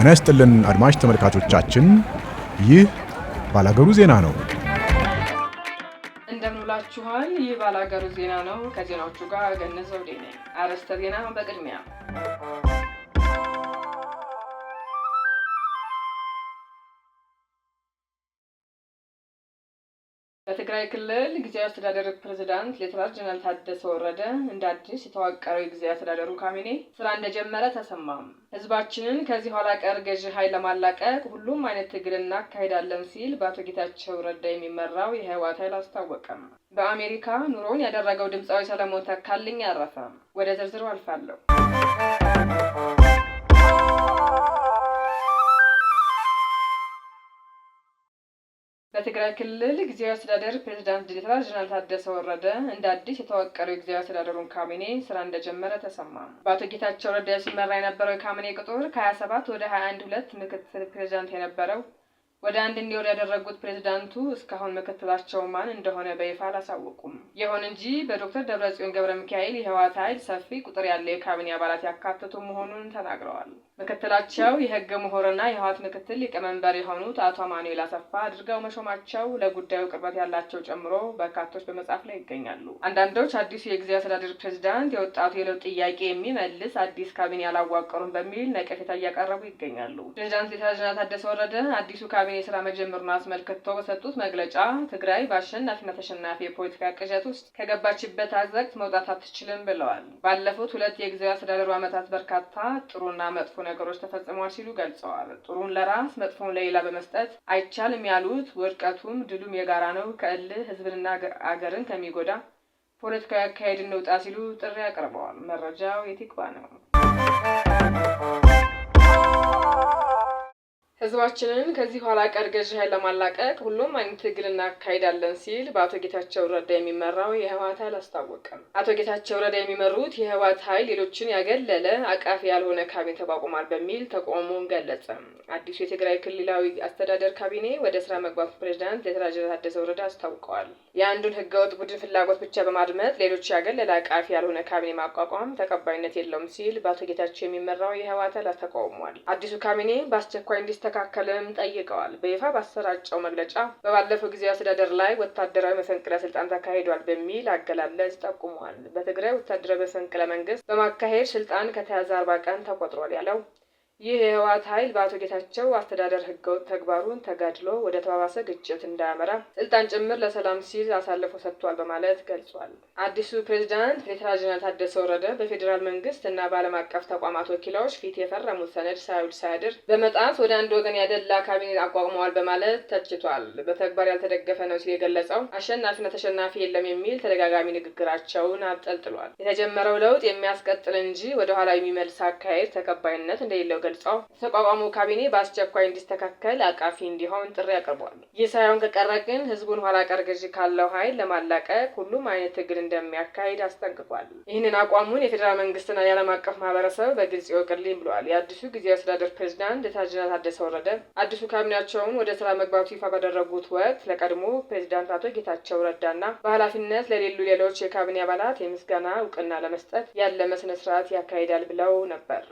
ጤና ይስጥልን አድማጭ ተመልካቾቻችን፣ ይህ ባላገሩ ዜና ነው። እንደምንላችኋል። ይህ ባላገሩ ዜና ነው። ከዜናዎቹ ጋር ገነት ዴ ነኝ። አርዕስተ ዜና በቅድሚያ የትግራይ ክልል ጊዜያዊ አስተዳደር ፕሬዚዳንት ሌተናል ጀነራል ታደሰ ወረደ እንደ አዲስ የተዋቀረው የጊዜያዊ አስተዳደሩ ካቢኔ ስራ እንደጀመረ ተሰማም። ህዝባችንን ከዚህ ኋላ ቀር ገዢ ኃይል ለማላቀቅ ሁሉም አይነት ትግል እናካሄዳለን ሲል በአቶ ጌታቸው ረዳ የሚመራው የህወሓት ኃይል አስታወቀም። በአሜሪካ ኑሮውን ያደረገው ድምፃዊ ሰለሞን ተካልኝ አረፈ። ወደ ዝርዝሩ አልፋለሁ። በትግራይ ክልል ጊዜያዊ አስተዳደር ፕሬዚዳንት ዴኤታ ጀነራል ታደሰ ወረደ እንደ አዲስ የተዋቀረው የጊዜያዊ አስተዳደሩን ካቢኔ ስራ እንደጀመረ ተሰማ። በአቶ ጌታቸው ረዳ ሲመራ የነበረው የካቢኔ ቁጥር ከ27 ወደ 21 ሁለት ምክትል ፕሬዚዳንት የነበረው ወደ አንድ እንዲወር ያደረጉት ፕሬዚዳንቱ እስካሁን ምክትላቸው ማን እንደሆነ በይፋ አላሳወቁም። ይሁን እንጂ በዶክተር ደብረጽዮን ገብረ ሚካኤል የህወሓት ኃይል ሰፊ ቁጥር ያለው የካቢኔ አባላት ያካተቱ መሆኑን ተናግረዋል። ምክትላቸው የህግ ምሁርና የህወሓት ምክትል ሊቀመንበር የሆኑት አቶ አማኑኤል አሰፋ አድርገው መሾማቸው ለጉዳዩ ቅርበት ያላቸው ጨምሮ በርካቶች በመጻፍ ላይ ይገኛሉ። አንዳንዶች አዲሱ የጊዜያዊ አስተዳደር ፕሬዚዳንት የወጣቱ የለውጥ ጥያቄ የሚመልስ አዲስ ካቢኔ አላዋቀሩም በሚል ነቀፌታ እያቀረቡ ይገኛሉ። ፕሬዚዳንት ሌተና ታደሰ ወረደ አዲሱ ካቢኔ ስራ መጀመሩን አስመልክቶ በሰጡት መግለጫ ትግራይ በአሸናፊና ተሸናፊ የፖለቲካ ቅዠት ውስጥ ከገባችበት አዘቅት መውጣት አትችልም ብለዋል። ባለፉት ሁለት የጊዜያዊ አስተዳደሩ ዓመታት በርካታ ጥሩና መጥፎ ነገሮች ተፈጽመዋል ሲሉ ገልጸዋል። ጥሩን ለራስ መጥፎውን ለሌላ በመስጠት አይቻልም ያሉት ውድቀቱም ድሉም የጋራ ነው፣ ከእልህ ህዝብንና አገርን ከሚጎዳ ፖለቲካዊ አካሄድ እንውጣ ሲሉ ጥሪ አቅርበዋል። መረጃው የቲክባ ነው። ህዝባችንን ከዚህ ኋላ ቀር ኃይል ለማላቀቅ ሁሉም አይነት ትግል እናካሄዳለን ሲል በአቶ ጌታቸው ረዳ የሚመራው የህወሓት ኃይል አስታወቀም። አቶ ጌታቸው ረዳ የሚመሩት የህወሓት ኃይል ሌሎችን ያገለለ አቃፊ ያልሆነ ካቢኔ ተቋቁሟል በሚል ተቃውሞውን ገለጸ። አዲሱ የትግራይ ክልላዊ አስተዳደር ካቢኔ ወደ ስራ መግባቱ ፕሬዚዳንት ሌተና ታደሰ ወረደ አስታውቀዋል። የአንዱን ህገወጥ ቡድን ፍላጎት ብቻ በማድመጥ ሌሎች ያገለለ አቃፊ ያልሆነ ካቢኔ ማቋቋም ተቀባይነት የለውም ሲል በአቶ ጌታቸው የሚመራው የህወሓት ኃይል ተቃውሟል። አዲሱ ካቢኔ በአስቸኳይ እንዲስተ እንዲስተካከልም ጠይቀዋል። በይፋ ባሰራጨው መግለጫ በባለፈው ጊዜ አስተዳደር ላይ ወታደራዊ መፈንቅለ ስልጣን ተካሂዷል በሚል አገላለጽ ጠቁሟል። በትግራይ ወታደራዊ መፈንቅለ መንግስት በማካሄድ ስልጣን ከተያዘ አርባ ቀን ተቆጥሯል ያለው ይህ የህወሓት ኃይል በአቶ ጌታቸው አስተዳደር ህገወጥ ተግባሩን ተጋድሎ ወደ ተባባሰ ግጭት እንዳያመራ ስልጣን ጭምር ለሰላም ሲል አሳልፎ ሰጥቷል በማለት ገልጿል። አዲሱ ፕሬዚዳንት ሌተና ጀነራል ታደሰ ወረደ በፌዴራል መንግስት እና በዓለም አቀፍ ተቋማት ወኪላዎች ፊት የፈረሙት ሰነድ ሳይውል ሳያድር በመጣስ ወደ አንድ ወገን ያደላ ካቢኔ አቋቁመዋል በማለት ተችቷል። በተግባር ያልተደገፈ ነው ሲል የገለጸው አሸናፊና ተሸናፊ የለም የሚል ተደጋጋሚ ንግግራቸውን አብጠልጥሏል። የተጀመረው ለውጥ የሚያስቀጥል እንጂ ወደ ኋላ የሚመልስ አካሄድ ተቀባይነት እንደሌለው ገልጸው የተቋቋመው ካቢኔ በአስቸኳይ እንዲስተካከል አቃፊ እንዲሆን ጥሪ አቅርቧል። ይህ ሳይሆን ከቀረ ግን ህዝቡን ኋላ ቀር ገዢ ካለው ኃይል ለማላቀቅ ሁሉም አይነት ትግል እንደሚያካሂድ አስጠንቅቋል። ይህንን አቋሙን የፌዴራል መንግስትና የዓለም አቀፍ ማህበረሰብ በግልጽ ይወቅልኝ ብለዋል። የአዲሱ ጊዜያዊ አስተዳደር ፕሬዚዳንት ጀነራል ታደሰ ወረደ አዲሱ ካቢኔያቸውን ወደ ስራ መግባቱ ይፋ ባደረጉት ወቅት ለቀድሞ ፕሬዚዳንት አቶ ጌታቸው ረዳና በኃላፊነት ለሌሉ ሌሎች የካቢኔ አባላት የምስጋና እውቅና ለመስጠት ያለመ ስነ ስርዓት ያካሂዳል ብለው ነበር።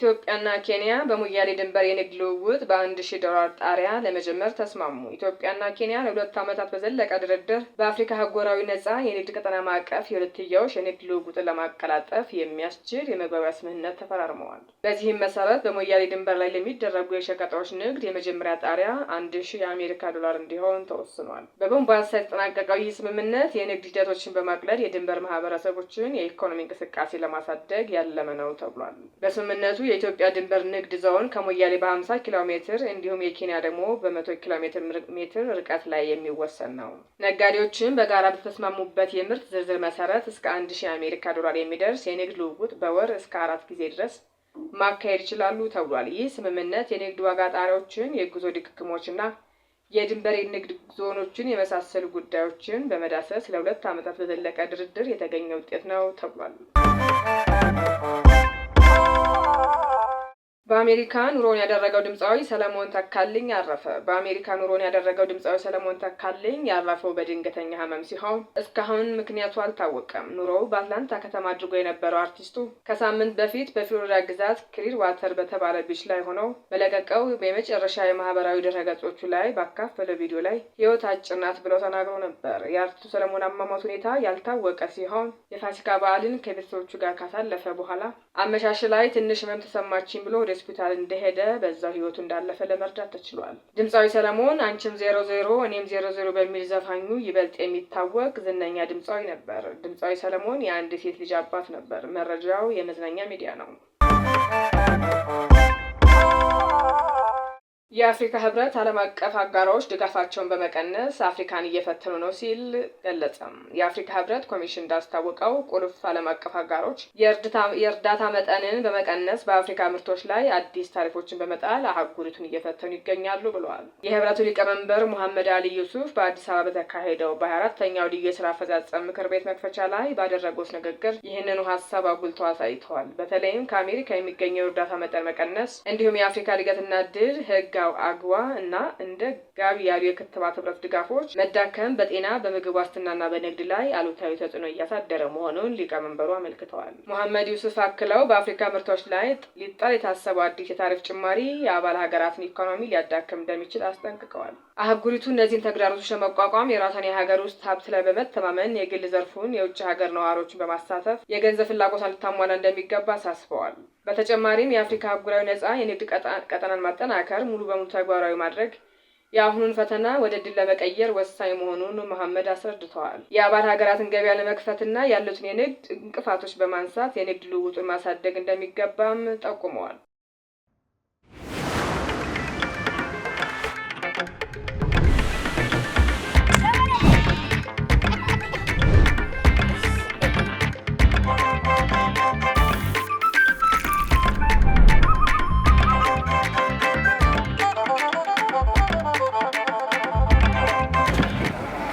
ኢትዮጵያና ኬንያ በሞያሌ ድንበር የንግድ ልውውጥ በአንድ ሺህ ዶላር ጣሪያ ለመጀመር ተስማሙ። ኢትዮጵያና ኬንያ ለሁለት ዓመታት በዘለቀ ድርድር በአፍሪካ አህጉራዊ ነጻ የንግድ ቀጠና ማዕቀፍ የሁለትዮሽ የንግድ ልውውጥን ለማቀላጠፍ የሚያስችል የመግባቢያ ስምምነት ተፈራርመዋል። በዚህም መሰረት በሞያሌ ድንበር ላይ ለሚደረጉ የሸቀጦች ንግድ የመጀመሪያ ጣሪያ አንድ ሺህ የአሜሪካ ዶላር እንዲሆን ተወስኗል። በቦምባሳ የተጠናቀቀው ይህ ስምምነት የንግድ ሂደቶችን በማቅለል የድንበር ማህበረሰቦችን የኢኮኖሚ እንቅስቃሴ ለማሳደግ ያለመ ነው ተብሏል። በስምምነቱ የኢትዮጵያ ድንበር ንግድ ዞን ከሞያሌ በ ኪሎ ሜትር እንዲሁም የኬንያ ደግሞ በ ኪሎ ሜትር ርቀት ላይ የሚወሰን ነው። ነጋዴዎችን በጋራ በተስማሙበት የምርት ዝርዝር መሰረት እስከ 1 ሺህ አሜሪካ ዶላር የሚደርስ የንግድ ልውውጥ በወር እስከ አራት ጊዜ ድረስ ማካሄድ ይችላሉ ተብሏል። ይህ ስምምነት የንግድ ዋጋ ጣሪያዎችን፣ የጉዞ ና የድንበር ንግድ ዞኖችን የመሳሰሉ ጉዳዮችን በመዳሰስ ለሁለት ዓመታት በዘለቀ ድርድር የተገኘ ውጤት ነው ተብሏል። በአሜሪካ ኑሮን ያደረገው ድምፃዊ ሰለሞን ተካልኝ አረፈ። በአሜሪካ ኑሮን ያደረገው ድምፃዊ ሰለሞን ተካልኝ ያረፈው በድንገተኛ ህመም ሲሆን እስካሁን ምክንያቱ አልታወቀም። ኑሮው በአትላንታ ከተማ አድርጎ የነበረው አርቲስቱ ከሳምንት በፊት በፍሎሪዳ ግዛት ክሪር ዋተር በተባለ ቢች ላይ ሆነው በለቀቀው የመጨረሻ የማህበራዊ ድረገጾቹ ላይ ባካፈለ ቪዲዮ ላይ ህይወት አጭር ናት ብለው ተናግሮ ነበር። የአርቲስቱ ሰለሞን አሟሟት ሁኔታ ያልታወቀ ሲሆን የፋሲካ በዓልን ከቤተሰቦቹ ጋር ካሳለፈ በኋላ አመሻሽ ላይ ትንሽ ህመም ተሰማችኝ ብሎ ወደ ሆስፒታል እንደሄደ በዛው ህይወቱ እንዳለፈ ለመርዳት ተችሏል። ድምፃዊ ሰለሞን አንቺም ዜሮ ዜሮ እኔም ዜሮ ዜሮ በሚል ዘፋኙ ይበልጥ የሚታወቅ ዝነኛ ድምፃዊ ነበር። ድምፃዊ ሰለሞን የአንድ ሴት ልጅ አባት ነበር። መረጃው የመዝናኛ ሚዲያ ነው። የአፍሪካ ህብረት ዓለም አቀፍ አጋሮች ድጋፋቸውን በመቀነስ አፍሪካን እየፈተኑ ነው ሲል ገለጸም። የአፍሪካ ህብረት ኮሚሽን እንዳስታወቀው ቁልፍ ዓለም አቀፍ አጋሮች የእርዳታ መጠንን በመቀነስ በአፍሪካ ምርቶች ላይ አዲስ ታሪፎችን በመጣል አህጉሪቱን እየፈተኑ ይገኛሉ ብለዋል። የህብረቱ ሊቀመንበር ሙሐመድ አሊ ዩሱፍ በአዲስ አበባ በተካሄደው በሃያ ልዩ የስራ አፈጻጸም ምክር ቤት መክፈቻ ላይ ባደረጉት ንግግር ይህንኑ ሀሳብ አጉልተው አሳይተዋል። በተለይም ከአሜሪካ የሚገኘው እርዳታ መጠን መቀነስ እንዲሁም የአፍሪካ እድገትና ድል ህግ እንዲረዳው አግዋ እና እንደ ጋቢ ያሉ የክትባት ህብረት ድጋፎች መዳከም በጤና በምግብ ዋስትናና በንግድ ላይ አሉታዊ ተጽዕኖ እያሳደረ መሆኑን ሊቀመንበሩ አመልክተዋል። መሐመድ ዩሱፍ አክለው በአፍሪካ ምርቶች ላይ ሊጣል የታሰበው አዲስ የታሪፍ ጭማሪ የአባል ሀገራትን ኢኮኖሚ ሊያዳክም እንደሚችል አስጠንቅቀዋል። አህጉሪቱ እነዚህን ተግዳሮቶች ለመቋቋም የራሷን የሀገር ውስጥ ሀብት ላይ በመተማመን የግል ዘርፉን፣ የውጭ ሀገር ነዋሪዎችን በማሳተፍ የገንዘብ ፍላጎቷን ልታሟላ እንደሚገባ አሳስበዋል። በተጨማሪም የአፍሪካ አህጉራዊ ነጻ የንግድ ቀጠናን ማጠናከር ሙሉ በሙሉ ተግባራዊ ማድረግ የአሁኑን ፈተና ወደ ድል ለመቀየር ወሳኝ መሆኑን መሐመድ አስረድተዋል። የአባል ሀገራትን ገበያ ለመክፈትና ያሉትን የንግድ እንቅፋቶች በማንሳት የንግድ ልውውጡን ማሳደግ እንደሚገባም ጠቁመዋል።